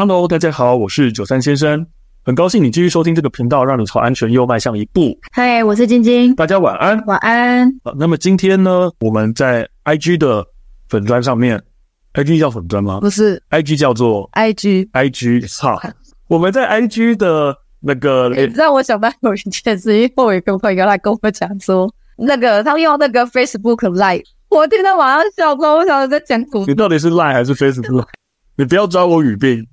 Hello，大家好，我是九三先生，很高興你繼續收聽這個頻道，讓你朝安全又邁向一步。嗨，我是晶晶，大家晚安，晚安。好、啊，那麼今天呢，我們在 IG 的粉磚上面，IG 叫粉磚嗎？不是，IG 叫做 IG，IG。好 IG，啊、我們在 IG 的那個，讓、欸、我想到有一件事，因為我有一個朋友來跟我講說，那個他用那個 Facebook Live，我聽到網上笑說，我想時在講古，你到底是 Live 還是 Facebook？ 你不要抓我語病。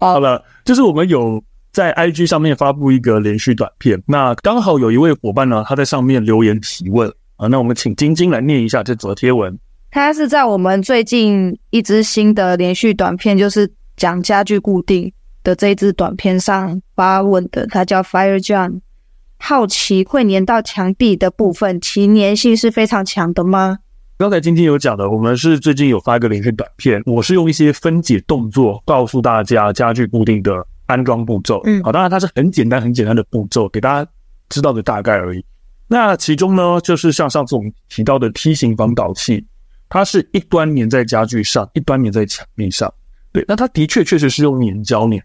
好了，就是我們有在 IG 上面發布一個連續短片，那剛好有一位夥伴呢，他在上面留言提問啊，那我們請晶晶來念一下這則貼文。他是在我們最近一支新的連續短片，就是講家具固定的這一支短片上發文的，他叫 Fire John，好奇會粘到牆壁的部分，其粘性是非常強的嗎？剛才今天有講的，我們是最近有發一個連續短片，我是用一些分解動作告訴大家家具固定的安裝步驟。嗯，好、哦，當然它是很簡單很簡單的步驟，給大家知道個大概而已。那其中呢，就是像上次我們提到的梯形防倒器，它是一端粘在家具上，一端粘在牆面上。對，那它的確確實是用粘膠粘。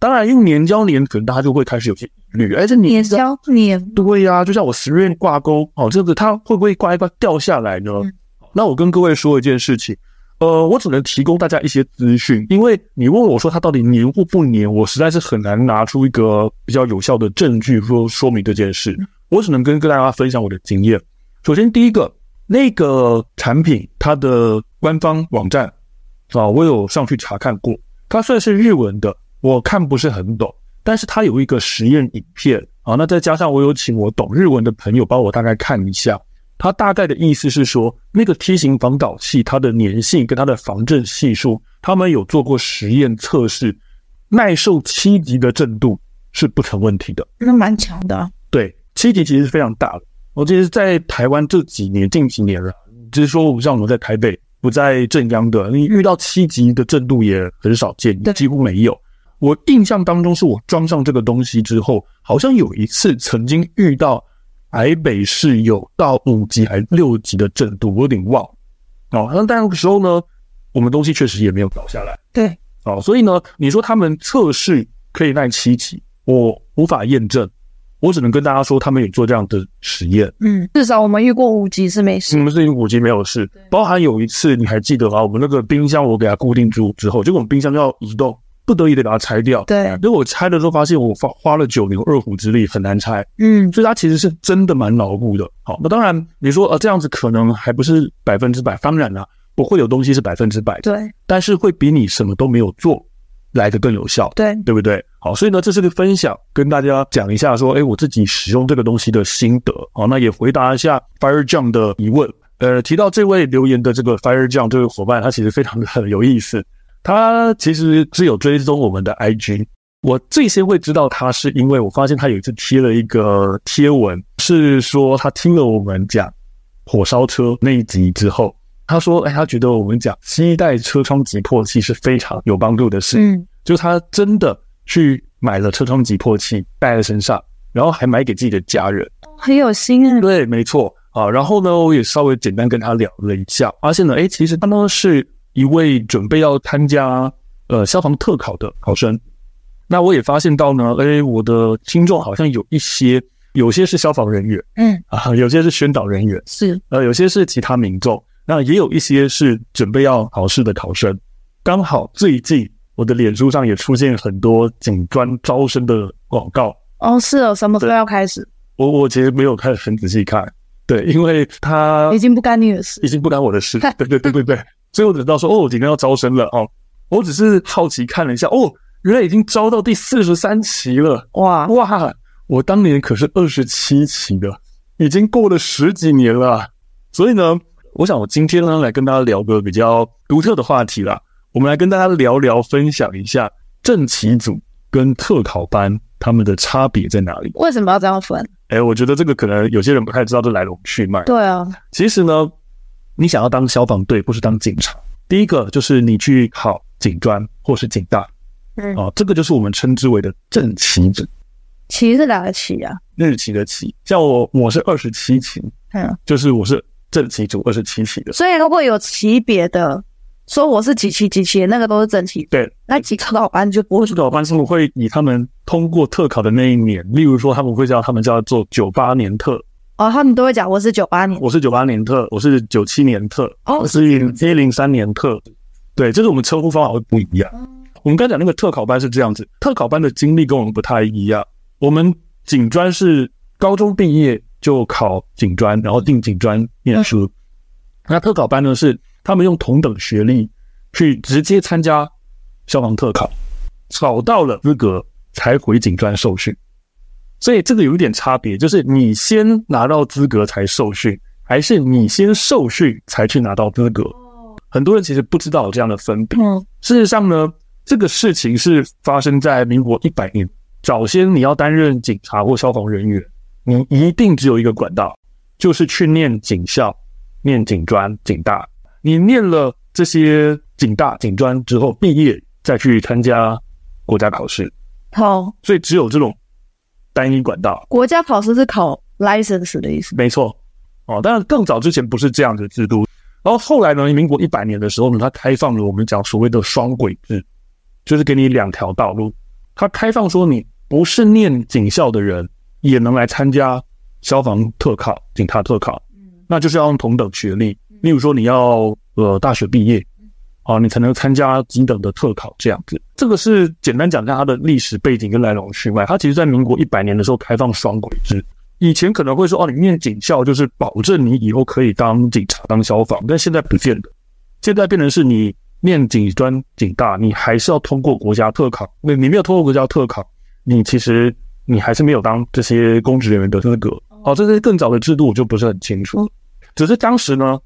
當然用粘膠粘，可能大家就會開始有些疑慮，誒，這粘膠粘，對呀，啊，就像我十月掛鈎，哦，這個它會不會掛一掛掉下來呢？嗯那我跟各位說一件事情，呃，我只能提供大家一些資訊，因為你問我說它到底黏不不黏，我實在是很難拿出一個比較有效的證據說說明這件事。我只能跟跟大家分享我的經驗。首先，第一個那個產品，它的官方網站啊，我有上去查看過，它雖然是日文的，我看不是很懂，但是它有一個實驗影片啊，那再加上我有請我懂日文的朋友幫我大概看一下。他大概的意思是說，那個梯形防倒器，它的粘性跟它的防震係數，他們有做過實驗測試，耐受七級的震度是不成問題的，那蠻強的。對，七級其實是非常大的。我其實在台灣這幾年，近幾年啊，只是說，像我們在台北，不在震央的，你遇到七級的震度也很少見，幾乎沒有。我印象當中，是我裝上這個東西之後，好像有一次曾經遇到。台北市有到五級還是六級的震度，我有點忘。哦，那那個時候呢，我們東西確實也沒有倒下來。對，哦，所以呢，你說他們測試可以耐七級，我無法驗證，我只能跟大家說，他們有做這樣的實驗。嗯，至少我們遇過五級是沒事，我們是遇五級沒有事。包含有一次你還記得啊，我們那個冰箱我給它固定住之後，結果我們冰箱要移動。不得已得把它拆掉。對，如果我拆的時候發現，我花花了九牛二虎之力，很難拆。嗯，所以它其實是真的蠻牢固的。好，那當然你說呃，這樣子可能還不是百分之百。當然啦，啊，不會有東西是百分之百。對，但是會比你什麼都沒有做來得更有效。對，對不對？好，所以呢，這是個分享，跟大家講一下說，誒，我自己使用這個東西的心得。好，那也回答一下 Fire Jump 的疑問。呃，提到這位留言的這個 Fire Jump 這位夥伴，他其實非常的有意思。他其實是有追蹤我們的 IG，我最先會知道他，是因為我發現他有一次貼了一個貼文，是說他聽了我們講“火燒車”那一集之後，他說：“哎，他覺得我們講‘新一代車窗擊破器’是非常有幫助的事。”嗯，就他真的去買了車窗擊破器戴在身上，然後還買給自己的家人，很有心啊。對，沒錯啊。然後呢，我也稍微簡單跟他聊了一下，啊，發現呢，哎，其實他呢是。一位準備要參加呃消防特考的考生，那我也發現到呢，誒、欸，我的聽眾好像有一些，有些是消防人員，嗯啊，有些是宣導人員，是呃，有些是其他民眾，那也有一些是準備要考試的考生。剛好最近我的臉書上也出現很多警專招生的廣告，哦，是哦，什麼時候要開始，我我其實沒有開始很仔細看，對，因為他已經不干你的事，已經不干我的事， 對對對對對。最後等到說哦，我今天要招生了哦！我只是好奇看了一下哦，原來已經招到第四十三期了哇哇！我當年可是二十七期的，已經過了十幾年了。所以呢，我想我今天呢來跟大家聊個比較獨特的話題啦。我們來跟大家聊聊，分享一下正期組跟特考班他們的差別在哪裡，為什麼要這樣分？誒，我覺得這個可能有些人不太知道這來龍去脈。對啊，其實呢。你想要當消防隊，不是當警察，第一個就是你去考警專或是警大，嗯，啊，這個就是我們稱之為的正期組。期是哪個期呀？啊，日期的期，像我我是二十七期，嗯，就是我是正期組二十七期的。所以如果有期別的，說我是幾期幾期，那個都是正期。對，那特考班就不會去考。特考班是會以他們通過特考的那一年，例如說他們會叫他們叫做九八年特。哦，oh, 他們都會講我是九八年，我是九八年特，我是九七年特，oh, 我是零一零三年特，嗯、對，就是我們稱呼方法會不一樣。嗯、我們剛才講那個特考班是這樣子，特考班的經歷跟我們不太一樣。我們警專是高中畢業就考警專，然後進警專念書。嗯、那特考班呢，是他們用同等學歷去直接參加消防特考，考到了資格才回警專受訓。所以這個有一點差別，就是你先拿到資格才受訓，還是你先受訓才去拿到資格？很多人其實不知道有這樣的分別。嗯。事實上呢，這個事情是發生在民國一百年。早先你要擔任警察或消防人員，你一定只有一個管道，就是去念警校、念警專、警大。你念了這些警大、警專之後畢業，再去參加國家考試。好，所以只有這種。單一管道，國家考試是考 license 的意思，沒錯哦。但是更早之前不是這樣的制度，然後後來呢，民國一百年的時候呢，它開放了我們講所謂的雙軌制，就是給你兩條道路，它開放說，你不是念警校的人也能來參加消防特考、警察特考，嗯、那就是要用同等學歷，例如說你要呃大學畢業。啊、哦，你才能參加幾等的特考這樣子，這個是簡單講一下它的歷史背景跟來龍去脈。它其實，在民國一百年的時候開放雙軌制，以前可能會說，哦，你念警校就是保證你以後可以當警察、當消防，但現在不見得。現在變成是你念警專、警大，你還是要通過國家特考。那你沒有通過國家特考，你其實你還是沒有當這些公職人員的資格。哦，這些更早的制度我就不是很清楚，只是當時呢。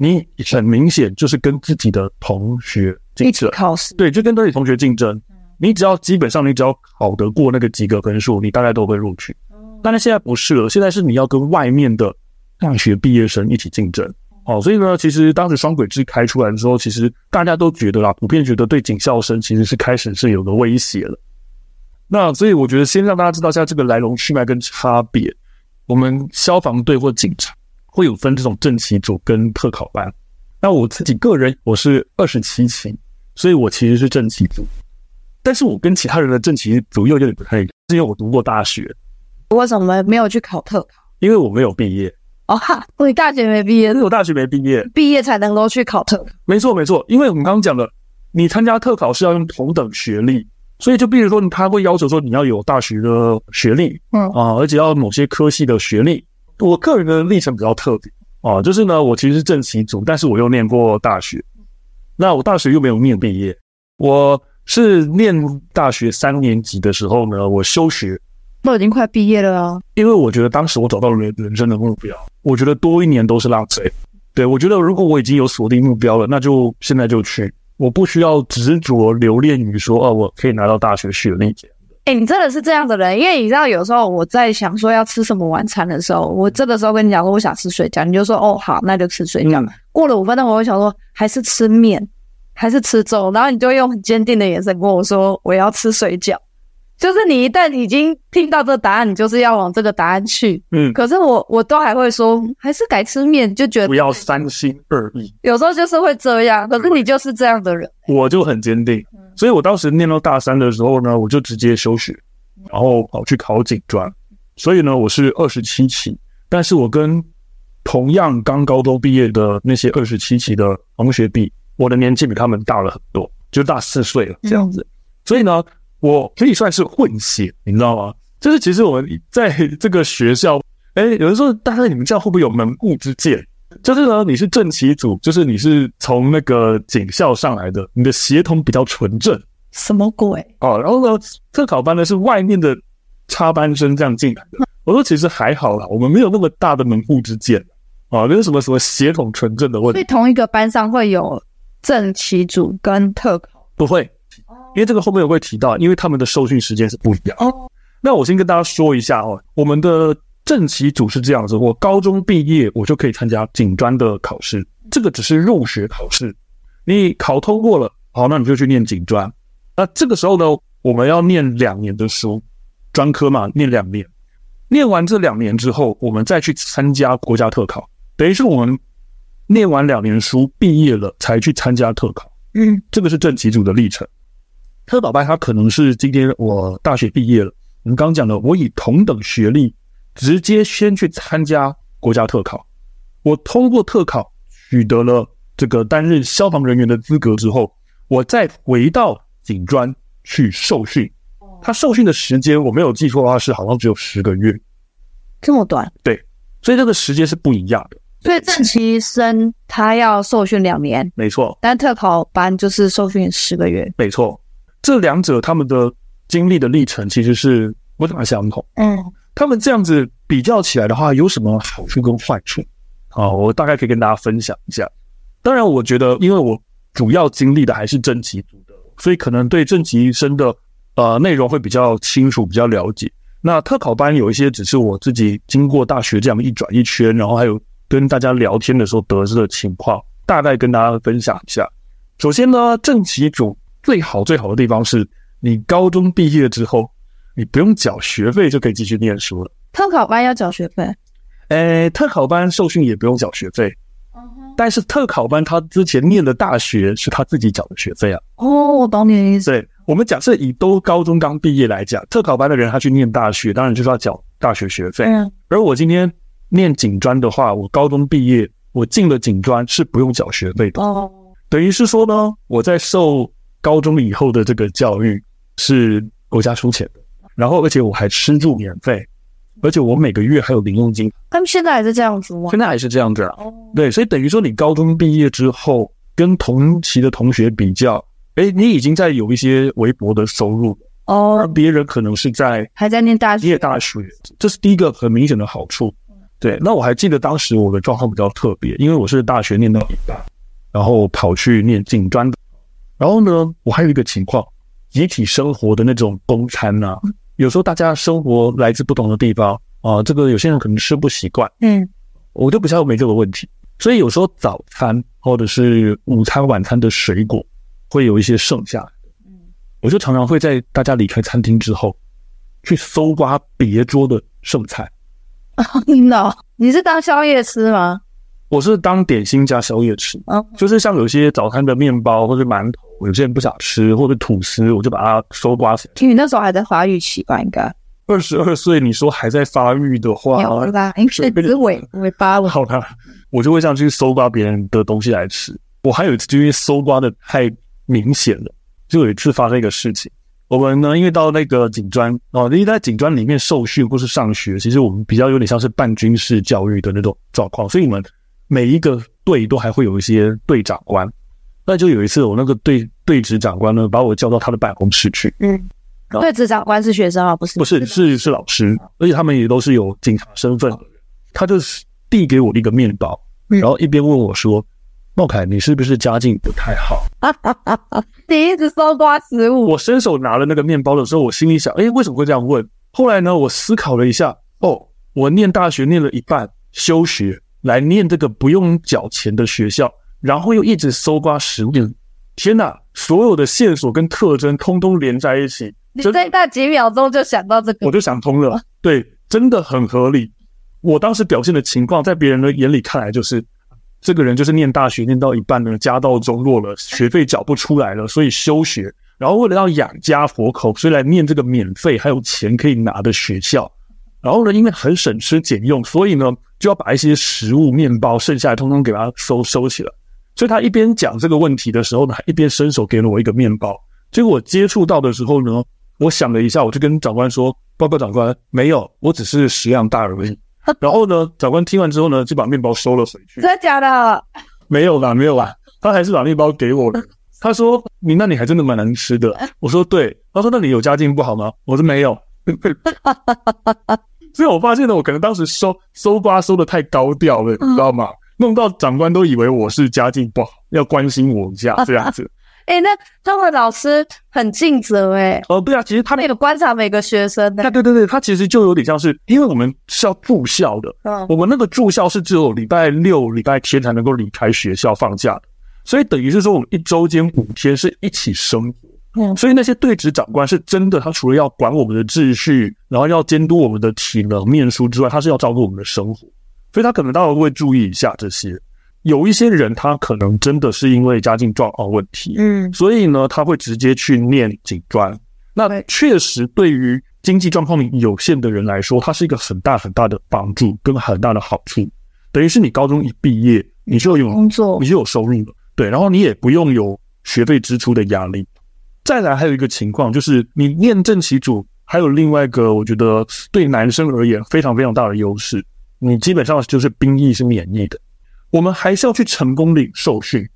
你很明顯就是跟自己的同學競爭，一起考試。對，就跟自己同學競爭。你只要基本上，你只要考得過那個及格分數，你大概都會被錄取。但是現在不是了，現在是你要跟外面的大學畢業生一起競爭。哦，所以呢，其實當時雙軌制開出來的時候，其實大家都覺得啦，普遍覺得對警校生其實是開始是有個威脅了。那所以我覺得先讓大家知道一下這個來龍去脈跟差別。我們消防隊或警察，會有分這種正期組跟特考班。那我自己個人，我是二十七期，所以我其實是正期組，但是我跟其他人的正期組又有點不太一樣，是因為我讀過大學。為什麼沒有去考特考？因為我沒有畢業哦哈，oh, 你大學沒畢業？因為我大學沒畢業，畢業才能夠去考特。沒錯沒錯，因為我們剛剛講的，你參加特考是要用同等學歷，所以就比如說他會要求說你要有大學的學歷，嗯啊，而且要某些科系的學歷。我個人的歷程比較特別啊，就是呢，我其實是正期組，但是我又念過大學，那我大學又沒有念畢業。我是念大學三年級的時候呢，我休學，那我已經快畢業了哦。因為我覺得當時我找到了人人生的目標，我覺得多一年都是浪費。對，我覺得如果我已經有鎖定目標了，那就現在就去，我不需要執着留戀於說，哦、啊，我可以拿到大學學歷。誒、欸，你真的是這樣的人，因為你知道，有時候我在想說要吃什麼晚餐的時候，我這個時候跟你講說我想吃水餃，你就說哦好，那就吃水餃。嗯、過了五分鐘，我會想說還是吃麵，還是吃粥，然後你就用很堅定的眼神跟我說我要吃水餃。就是你一旦已經聽到這個答案，你就是要往這個答案去。嗯。可是我我都還會說還是改吃麵，就覺得不要三心二意。有時候就是會這樣，可是你就是這樣的人，我就很堅定。嗯所以我當時念到大三的時候呢，我就直接休學，然後跑去考警專。所以呢，我是二十七期，但是我跟同樣剛高中畢業的那些二十七期的同學比，我的年紀比他們大了很多，就大四歲了這樣子。嗯、所以呢，我可以算是混血，你知道嗎？就是其實我們在這個學校，誒、欸、有人說，大概你們這樣會不會有門戶之見？就是呢，你是正期組，就是你是從那個警校上來的，你的協同比較純正，什麼鬼哦，然後呢，特考班呢是外面的插班生這樣進來的。嗯、我說其實還好啦，我們沒有那麼大的門戶之見啊，沒有什麼什麼協同純正的問題。所以同一個班上會有正期組跟特考，不會，因為這個後面有會提到，因為他們的受訓時間是不一樣的。哦、那我先跟大家說一下哦，我們的。正期組是這樣子，我高中畢業，我就可以參加警專的考試，這個只是入學考試。你考通過了，好，那你就去念警專。那、啊、這個時候呢，我們要念兩年的書，專科嘛，念兩年。念完這兩年之後，我們再去參加國家特考，等於是我們念完兩年書畢業了，才去參加特考。嗯，這個是正期組的歷程。特考班，他可能是今天我大學畢業了。我們剛講的，我以同等學歷。直接先去參加國家特考，我通過特考取得了這個擔任消防人員的資格之後，我再回到警專去受訓。他受訓的時間，我沒有記錯的話是好像只有十個月，這麼短。對，所以這個時間是不一樣的。所以正期生他要受訓兩年，沒錯。但特考班就是受訓十個月，沒錯。這兩者他們的經歷的歷程其實是不大相同。嗯。他們這樣子比較起來的話，有什麼好處跟壞處？啊，我大概可以跟大家分享一下。當然，我覺得，因為我主要經歷的還是正期組的，所以可能對正期生的呃內容會比較清楚、比較了解。那特考班有一些只是我自己經過大學這樣一轉一圈，然後還有跟大家聊天的時候得知的情況，大概跟大家分享一下。首先呢，正期組最好最好的地方是你高中畢業之後。你不用繳學費就可以繼續念書了。特考班要繳學費。誒，特考班受訓也不用繳學費。嗯哼。但是特考班他之前念的大學是他自己繳的學費啊。哦，我懂你的意思。對，我們假設以都高中剛畢業來講，特考班的人他去念大學，當然就是要繳大學學費。嗯。而我今天念警專的話，我高中畢業，我進了警專是不用繳學費的。哦。等於是說呢，我在受高中以後的這個教育是國家出錢。然後，而且我還吃住免費，而且我每個月還有零用金。他們、嗯、現在還是這樣子嗎、啊？現在還是這樣子啊。Oh. 對，所以等於說你高中畢業之後，跟同期的同學比較，誒你已經在有一些微薄的收入哦，而、oh. 別人可能是在還在念大學、畢業大學。這是第一個很明顯的好處。Oh. 對，那我還記得當時我的狀況比較特別，因為我是大學念到一半，然後跑去念警專的，然後呢，我還有一個情況，集體生活的那種公餐啊。嗯有時候大家生活來自不同的地方啊，呃，這個有些人可能吃不習慣。嗯，我就比較沒這個問題，所以有時候早餐或者是午餐、晚餐的水果會有一些剩下來。嗯，我就常常會在大家離開餐廳之後去搜刮別桌的剩菜。Oh, you no，know. 你是當宵夜吃嗎？我是當點心加宵夜吃，oh. 就是像有些早餐的麵包或者饅頭，有些人不想吃或者吐司，我就把它搜刮起來。聽你那時候還在發育期吧？應該二十二歲，你說還在發育的話，有你只了，是是尾尾巴了。好了，我就會上去搜刮別人的東西來吃。我還有一次就因為搜刮的太明顯了，就有一次發生一個事情。我們呢，因為到那個警專，啊、哦，因為在警專裡面受訓或是上學，其實我們比較有點像是半軍事教育的那種狀況，所以你們。每一個隊都還會有一些隊長官，那就有一次，我那個隊隊職長官呢，把我叫到他的辦公室去。嗯，隊、啊、職長官是學生啊，不是？不是，是是老師，而且他們也都是有警察身份的。他就遞給我一個麵包，嗯、然後一邊問我說：“茂凱，你是不是家境不太好？”啊啊啊、你一直搜刮食物。我伸手拿了那個麵包的時候，我心裡想：“誒，為什麼會這樣問？”後來呢，我思考了一下，哦，我念大學念了一半休學。來念這個不用繳錢的學校，然後又一直搜刮食物。天哪，所有的線索跟特徵通通連在一起。就你在那幾秒鐘就想到這個，我就想通了。對，真的很合理。我當時表現的情況，在別人的眼裡看來，就是這個人就是念大學念到一半呢，家道中落了，學費繳不出來了， 所以休學。然後為了要養家活口，所以來念這個免費還有錢可以拿的學校。然後呢，因為很省吃儉用，所以呢，就要把一些食物、麵包剩下來，通通給他收收起來。所以他一邊講這個問題的時候呢，一邊伸手給了我一個麵包。結果我接觸到的時候呢，我想了一下，我就跟長官說：“報告 長官， 沒有，我只是食量大而已。” 然後呢，長官聽完之後呢，就把麵包收了回去。真的假的？沒有啦，沒有啦、啊，他還是把麵包給我了。 他說：“你那裡還真的蠻難吃的。” 我說：“對。”他說：“那裡有家境不好嗎？”我說：“沒有。”哈哈哈哈哈！ 所以我發現呢，我可能當時收收瓜收得太高調了，你知道嗎？嗯、弄到長官都以為我是家境不好，要關心我家這樣子。哎、 欸，那他們老師很盡責哎、欸。哦、呃，對啊，其實他那個觀察每個學生的、欸。對對對，他其實就有點像是，因為我們是要住校的，嗯，我們那個住校是只有禮拜六、禮拜天才能夠離開學校放假的，所以等於是說我們一周間五天是一起生活。嗯，所以那些隊職長官是真的，他除了要管我們的秩序，然後要監督我們的體能、念書之外，他是要照顧我們的生活，所以他可能待會會注意一下這些。有一些人，他可能真的是因為家境狀況問題，嗯，所以呢，他會直接去念警專。對那確實對於經濟狀況有限的人來說，他是一個很大很大的幫助跟很大的好處。等於是你高中一畢業，你就有工作，你就有收入了，對，然後你也不用有學費支出的壓力。再來還有一個情況，就是你念正期組，還有另外一個，我覺得對男生而言非常非常大的優勢，你基本上就是兵役是免役的。我們還是要去成功嶺受訓，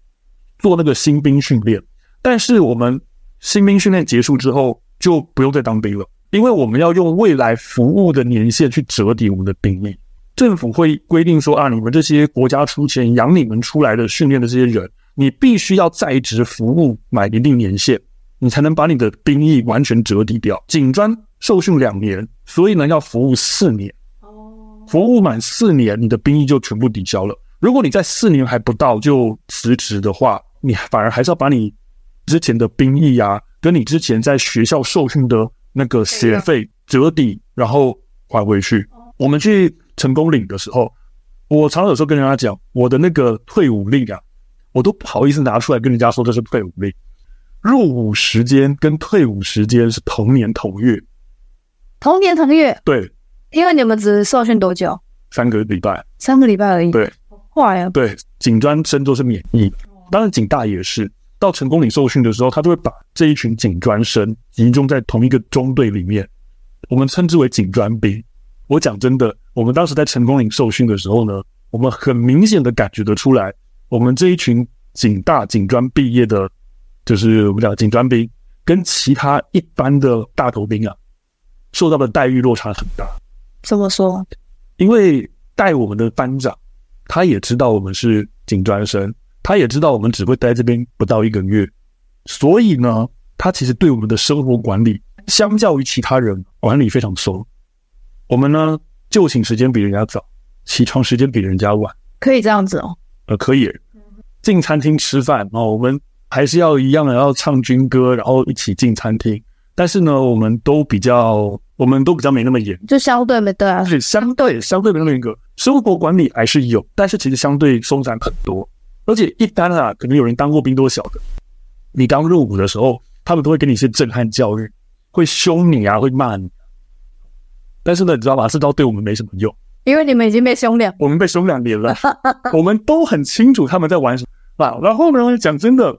做那個新兵訓練，但是我們新兵訓練結束之後就不用再當兵了，因為我們要用未來服務的年限去折抵我們的兵役。政府會規定說啊，你們這些國家出錢養你們出來的訓練的這些人，你必須要在職服務滿一定年限。你才能把你的兵役完全折抵掉，警專受訓兩年，所以呢，要服務四年。服務滿四年，你的兵役就全部抵消了。如果你在四年還不到就辭職的話，你反而還是要把你之前的兵役啊，跟你之前在學校受訓的那個學費折抵，然後還回去。我們去成功嶺的時候，我常有時候跟人家講，我的那個退伍令啊，我都不好意思拿出來跟人家說這是退伍令。入伍時間跟退伍時間是同年同月，同年同月。對，因為你們只受訓多久？三個禮拜，三個禮拜而已。對，哇呀、啊！對，警專生都是免役。當然警大也是。到成功嶺受訓的時候，他就會把這一群警專生集中在同一個中隊裡面，我們稱之為警專兵。我講真的，我們當時在成功嶺受訓的時候呢，我們很明顯的感覺得出來，我們這一群警大警專畢業的。就是我們講的警專兵，跟其他一般的大頭兵啊，受到的待遇落差很大。怎麼說呢？因為帶我們的班長，他也知道我們是警專生，他也知道我們只會待這邊不到一個月，所以呢，他其實對我們的生活管理，相較於其他人管理非常鬆。我們呢，就寢時間比人家早，起床時間比人家晚，可以這樣子哦。呃，可以進餐廳吃飯啊，我們。還是要一樣的，要唱軍歌，然後一起進餐廳。但是呢，我們都比較，我們都比較沒那麼嚴，就相對沒對啊。是相對相對沒那麼嚴格，生活管理還是有，但是其實相對鬆散很多。而且一般啊，可能有人當過兵多小的，你剛入伍的時候，他們都會給你一些震撼教育，會兇你啊，會罵你。但是呢，你知道吧，這招對我們沒什麼用，因為你們已經被兇了，我們被兇兩年了， 我們都很清楚他們在玩什麼。啊，然後呢，講真的。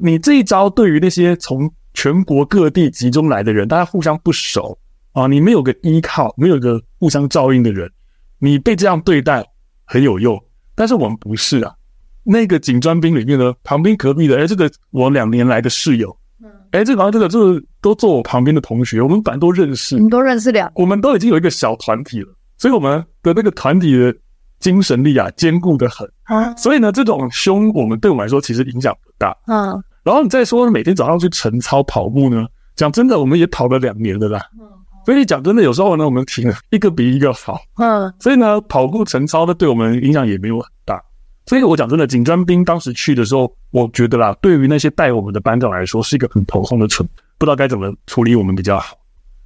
你這一招對於那些從全國各地集中來的人，大家互相不熟啊，你沒有個依靠，沒有個互相照應的人，你被這樣對待很有用。但是我們不是啊，那個警專兵裡面呢，旁邊隔壁的，哎、欸，這個我兩年來的室友，哎、嗯欸，這個、好像這個就是都坐我旁邊的同學，我們反正都認識，你們都認識的呀，我們都已經有一個小團體了，所以我們的那個團體的精神力啊，堅固得很啊。所以呢，這種凶我們對我們來說其實影響不大，啊、嗯。然後你再說每天早上去晨操跑步呢？講真的，我們也跑了兩年了啦。嗯，所以講真的，有時候呢，我們停了一個比一個好。嗯，所以呢，跑步晨操呢，對我們影響也沒有很大。所以我講真的，警專兵當時去的時候，我覺得啦，對於那些帶我們的班長來說，是一個很頭痛的存在，不知道該怎麼處理我們比較好。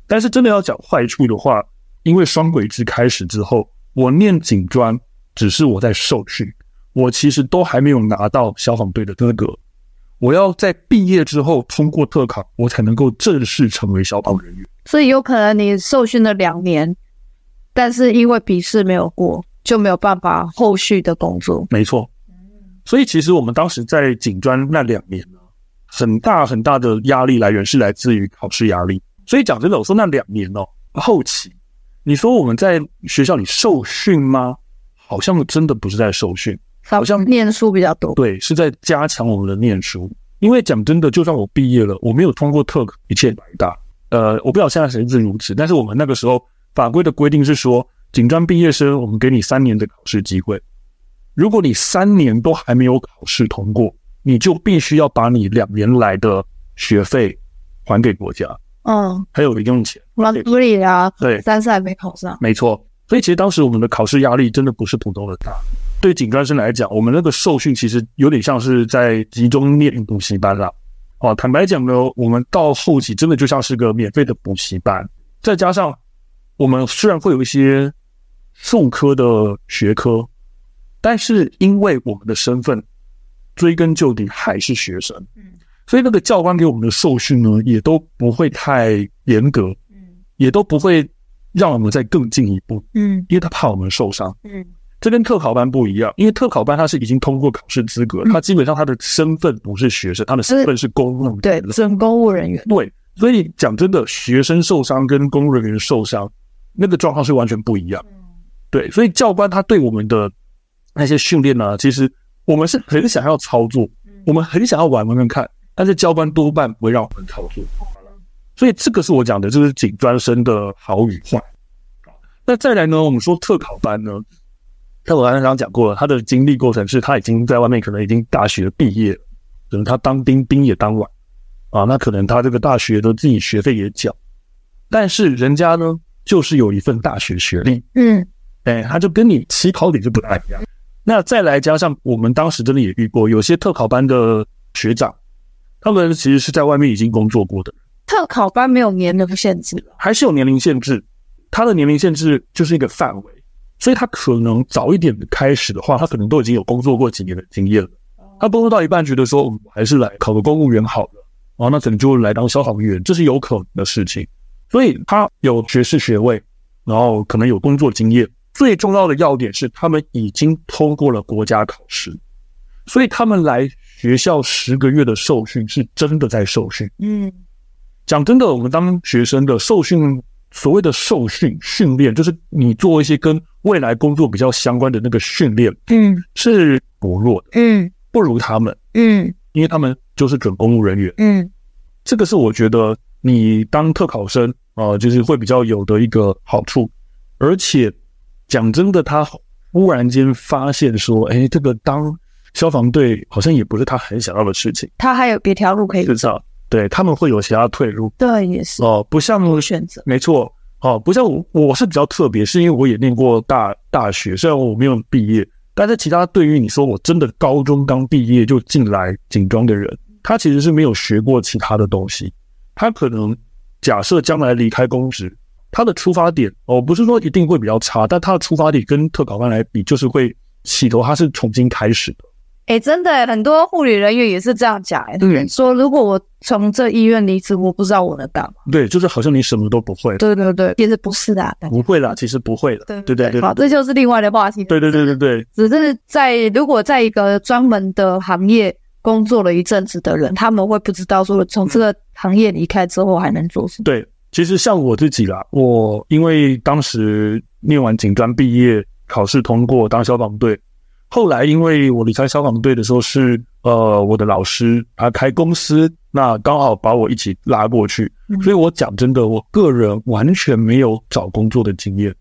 但是真的要講壞處的話，因為雙軌制開始之後，我念警專只是我在受訓，我其實都還沒有拿到消防隊的那個。我要在畢業之後通過特考，我才能夠正式成為消防人員。所以，有可能你受訓了兩年，但是因為筆試沒有過，就沒有辦法後續的工作。沒錯。所以，其實我們當時在警專那兩年呢，很大很大的壓力來源是來自於考試壓力。所以，講真的，我說那兩年哦、喔，後期你說我們在學校裡受訓嗎？好像真的不是在受訓。好像念書比較多，對，是在加強我們的念書。因為講真的，就算我畢業了，我沒有通過特考，一切白搭，呃，我不知道現在是不是如此。但是我們那個時候法規的規定是說，警專畢業生我們給你三年的考試機會。如果你三年都還沒有考試通過，你就必須要把你兩年來的學費還給國家，嗯，還有零用錢，拿裡呀？啊、對，三次還沒考上，沒錯。所以其實當時我們的考試壓力真的不是普通的大。對警專生來講，我們那個受訓其實有點像是在集中念補習班了。哦、啊，坦白講呢，我們到後期真的就像是個免費的補習班。再加上我們雖然會有一些送科的學科，但是因為我們的身份追根究底還是學生，所以那個教官給我們的受訓呢，也都不會太嚴格，也都不會讓我們再更進一步，嗯、因為他怕我們受傷，嗯。這跟特考班不一樣，因為特考班他是已經通過考試資格，嗯、他基本上他的身份不是學生，他的身份是公務員、嗯，對，是公務人員。對，所以講真的，學生受傷跟公務人員受傷，那個狀況是完全不一樣。對，所以教官他對我們的那些訓練呢、啊，其實我們是很想要操作，嗯、我們很想要玩玩，玩，玩看，但是教官多半不會讓我們操作。所以這個是我講的，就是警專生的好與壞。那再來呢，我們說特考班呢？那我剛才剛講過了，他的經歷過程是他已經在外面可能已經大學畢業了，可能他當兵兵也當完，啊，那可能他這個大學的自己學費也繳，但是人家呢就是有一份大學學歷，嗯，哎，他就跟你起跑點就不太一樣。嗯、那再來加上我們當時真的也遇過，有些特考班的學長，他們其實是在外面已經工作過的。特考班沒有年齡限制？還是有年齡限制？他的年齡限制就是一個範圍。所以他可能早一點開始的話，他可能都已經有工作過幾年的經驗了。他工作到一半，覺得說我還是來考個公務員好了，然後那可能就來當消防員，這是有可能的事情。所以他有學士學位，然後可能有工作經驗。最重要的要點是，他們已經通過了國家考試，所以他們來學校十個月的受訓是真的在受訓。嗯，講真的，我們當學生的受訓。所謂的受訓訓練，就是你做一些跟未來工作比較相關的那個訓練，嗯，是薄弱的，嗯，不如他們，嗯，因為他們就是準公務人員，嗯，這個是我覺得你當特考生啊、呃，就是會比較有的一個好處。而且講真的，他忽然間發現說，誒、欸，這個當消防隊好像也不是他很想要的事情。他還有別條路可以走啊。對，他們會有其他退路，對，也是哦、呃，不像我的選擇，沒錯哦、呃，不像我，我是比較特別，是因為我也念過大大學，雖然我沒有畢業，但是其他對於你說，我真的高中剛畢業就進來警專的人，他其實是沒有學過其他的東西，他可能假設將來離開公職，他的出發點哦、呃，不是說一定會比較差，但他的出發點跟特考班來比，就是會起頭，他是重新開始的。哎，真的很多護理人員也是這樣講欸。對，說如果我從這醫院離職，我不知道我能幹嘛。對，就是好像你什麼都不會。對對對，其實不是的。不會了，其實不會了，對對對。好，這就是另外的話題。對對對對對。只是在如果在一個專門的行業工作了一陣子的人，他們會不知道說從這個行業離開之後還能做什麼。對，其實像我自己啦，我因為當時念完警專畢業，考試通過當消防隊。後來，因為我離開消防隊的時候是呃，我的老師他、啊、開公司，那剛好把我一起拉過去，嗯、所以我講真的，我個人完全沒有找工作的經驗，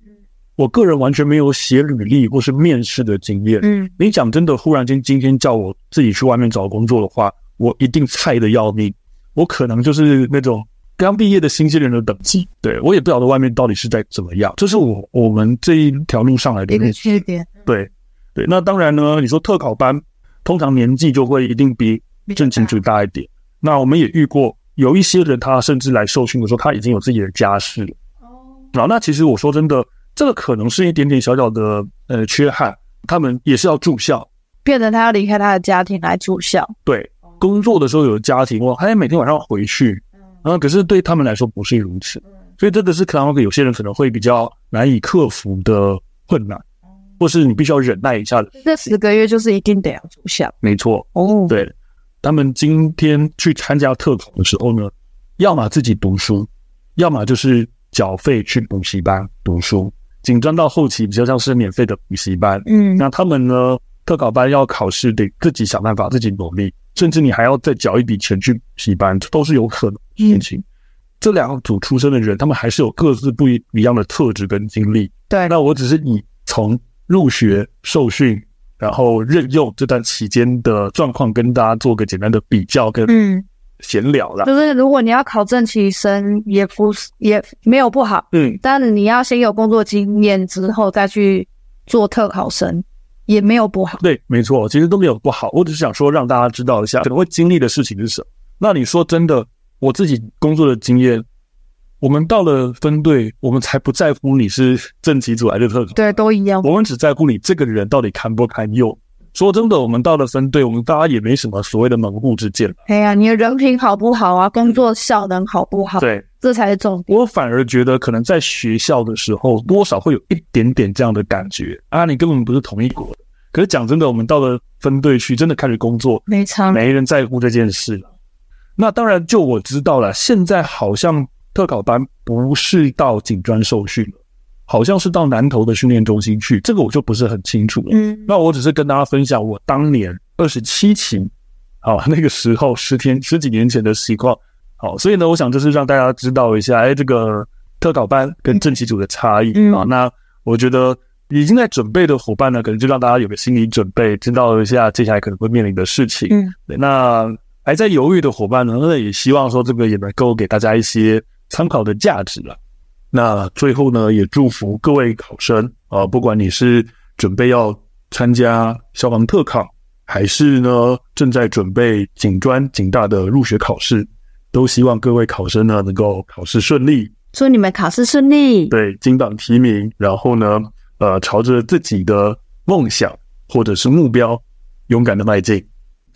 我個人完全沒有寫履歷或是面試的經驗。嗯、你講真的，忽然間今天叫我自己去外面找工作的話，我一定菜的要命，我可能就是那種剛畢業的新鮮人的等級。嗯、對，我也不曉得外面到底是在怎麼樣，嗯、這是我我們這一條路上來的，的一個缺點。對。對，那當然呢。你說特考班，通常年紀就會一定比正經就大一點。啊、那我們也遇過有一些人，他甚至來受訓的時候，他已經有自己的家事了。哦、嗯，然後那其實我說真的，這個可能是一點點小小的呃缺憾。他們也是要住校，變成他要離開他的家庭來住校。對，工作的時候有家庭，我還每天晚上回去。嗯，可是對他們來說不是如此。嗯，所以這個是 ok 有些人可能會比較難以克服的困難。或是你必須要忍耐一下，那十個月就是一定得要住校。沒錯，哦，對，他們今天去參加特考的時候呢，要麼自己讀書，要麼就是繳費去補習班讀書。緊張到後期比較像是免費的補習班，嗯，那他們呢，特考班要考試得自己想辦法，自己努力，甚至你還要再繳一筆錢去補習班，都是有可能的事情。這兩組出身的人，他們還是有各自不一樣的特質跟經歷。對，那我只是你從。入學、受訓，然後任用，這段期間的狀況，跟大家做個簡單的比較跟閒聊啦。嗯、就是如果你要考正期生，也不是也沒有不好，嗯，但你要先有工作經驗之後再去做特考生，也沒有不好。對，沒錯，其實都沒有不好。我只是想說讓大家知道一下可能會經歷的事情是什麼。那你說真的，我自己工作的經驗。我們到了分隊，我們才不在乎你是正期組還是特考，對，都一樣。我們只在乎你這個人到底堪不堪用。說真的，我們到了分隊，我們大家也沒什麼所謂的門戶之見了。哎呀、啊，你的人品好不好啊？工作效能好不好？對，這才是重點。我反而覺得，可能在學校的時候，多少會有一點點這樣的感覺啊。你根本不是同一國的。可是講真的，我們到了分隊去，真的開始工作，沒差成，沒人在乎這件事了。那當然，就我知道了，現在好像。特考班不是到警專受訓了，好像是到南投的訓練中心去，這個我就不是很清楚了。嗯，那我只是跟大家分享我當年二十七期，好那個時候十天十幾年前的情況。好，所以呢，我想就是讓大家知道一下，哎，這個特考班跟正期組的差異啊。那我覺得已經在準備的夥伴呢，可能就讓大家有個心理準備，知道一下接下來可能會面臨的事情。嗯，那還在猶豫的夥伴呢，那也希望說這個也能夠給大家一些。參考的價值了，那最後呢，也祝福各位考生啊，呃，不管你是準備要參加消防特考，還是呢正在準備警專、警大的入學考試，都希望各位考生呢能夠考試順利，祝你們考試順利，對，金榜題名。然後呢，呃，朝着自己的夢想或者是目標勇敢的邁進。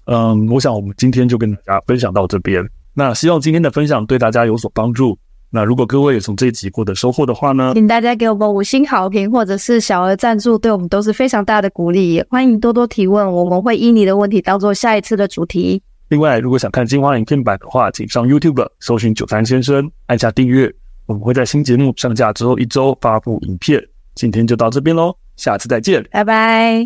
嗯，我想我們今天就跟大家分享到這邊。那希望今天的分享對大家有所幫助。那如果各位有從這一集過得收穫的話呢，請大家給我們五星好評或者是小額贊助，對我們都是非常大的鼓勵。也歡迎多多提問，我們會依你的問題當做下一次的主題。另外，如果想看精華影片版的話，請上 YouTube 搜尋“九三先生”，按下訂閱。我們會在新節目上架之後一周發布影片。今天就到這邊嘍，下次再見，拜拜。